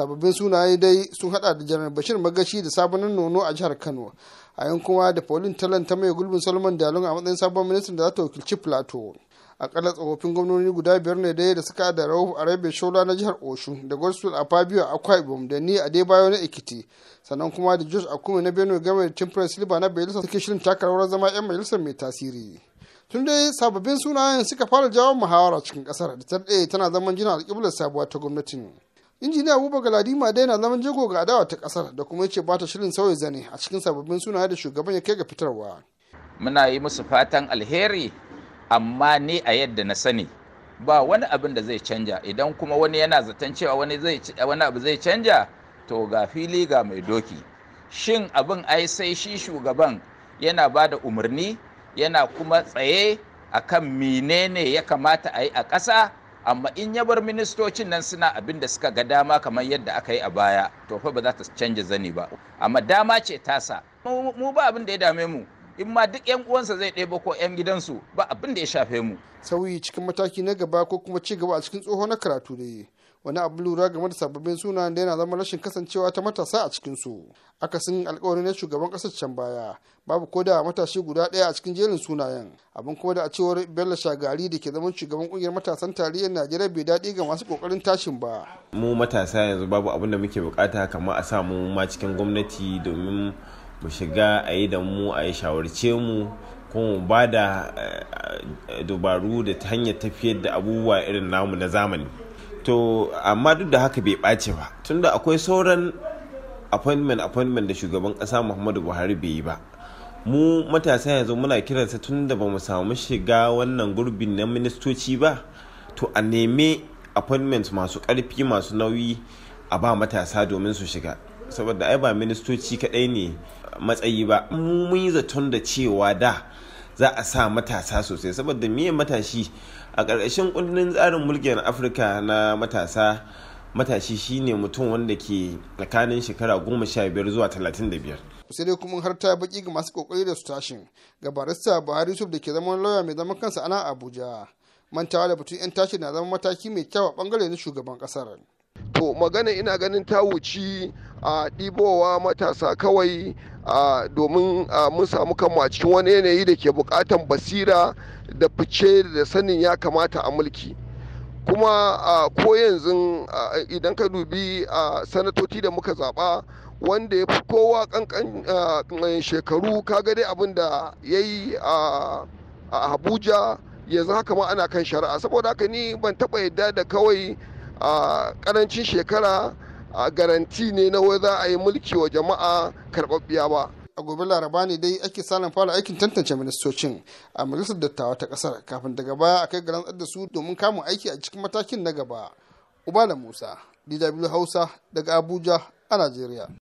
sababbin sunaye dai sun hada da janar bashir magashi da sabonin nono a jihar kano a yankuma da paulin talan ta mai gulbin solomon dalon a matsayin sabon ministan da za ta wakilci plateau akalla tsofaffin gwamnoni guda biyar ne dai da suka da a rabe shola na jihar oshun da gwarsul a fabio a ibom da ni a dai bayo na ikiti sannan kuma da a akume na benue game da temperance silva na bayelsa suke shirin takarar zama yan majalisar mai tasiri tun dai sababbin sunayen suka fara jawo muhawara cikin kasar da ta tana zaman jina alƙiblar sabuwa ta gwamnatin injiniya abubakar ladima dai na zaman jago ga adawa ta kasar da kuma yace bata shirin sauya zane a cikin sababbin sunaye da shugaban ya kai ga fitarwa muna yi musu fatan alheri amma ni a yadda na sani ba wani abin da zai canja idan kuma wani yana zaton cewa wani abu zai canja to ga fili ga mai doki shin abin ai sai shi shugaban yana ba da umarni yana kuma tsaye akan menene ya kamata a yi a ƙasa amma in ya bar ministocin nan suna abin da suka ga dama kamar yadda aka yi a baya to fa ba za ta canja zani ba amma dama ce tasa mu ba abin da ya dame mu in ma duk yan uwansa zai ɗebo ko yan gidansu ba abin da ya shafe mu sauyi cikin mataki na gaba ko kuma ci gaba a cikin tsoho na karatu da yi wani abu lura game da sababbin sunayen da yana zama rashin kasancewa ta matasa a cikin cikinsu akasin alkawarin na shugaban kasar can baya babu ko da matashi guda ɗaya a cikin jerin sunayen abin kuma da a cewar bello shagari da ke zaman shugaban kungiyar matasan tarayyar najeriya bai daɗi ga masu kokarin tashin ba mu matasa yanzu babu abin da muke bukata kamar a sa mu ma cikin gwamnati domin mu shiga a yi da mu a yi shawarce mu kuma mu ba da eh, eh, dabaru da ta hanyar tafiyar da abubuwa irin namu na zamani to amma duk da haka bai ɓace ba tunda akwai sauran appointment appointment da shugaban ƙasa muhammadu buhari bai yi ba mu matasa yanzu muna kiransa tun da ba mu samu shiga wannan gurbin na ministoci ba to a neme appointment masu ƙarfi masu nauyi a ba matasa domin su shiga saboda ai ba ministoci kaɗai ne matsayi ba mun yi zaton da cewa da za a sa matasa sosai saboda miyan matashi a ƙarƙashin kundin tsarin mulkin afirka na matasa matashi shine mutum wanda ke tsakanin shekara goma sha biyar zuwa talatin da biyar. sai dai kuma har ta baki ga masu kokari da su tashin ga barista buhari yusuf da ke zama lauya mai zaman kansa ana abuja mantawa da batun 'yan tashi na zama mataki mai kyau a bangare na shugaban kasar. to magana ina ganin ta wuci a ɗibowa matasa kawai domin mun samu kanmu a cikin wani yanayi da ke buƙatan basira da fice da sanin ya kamata a mulki kuma ko yanzu idan ka dubi sanatoci da muka zaɓa wanda ya fi kowa ƙanƙan shekaru kaga dai abin da ya yi a abuja yanzu haka ma ana kan shari'a saboda haka ni ban taɓa yadda da kawai a karancin shekara a garanti ne na wai za a yi mulki wa jama'a karɓaɓɓiya ba a gobe laraba ne dai ake samun fara aikin tantance ministocin a majalisar dattawa ta kasar kafin daga baya a kai garan da su domin kamun aiki a cikin matakin na gaba ubala musa dw hausa daga abuja a najeriya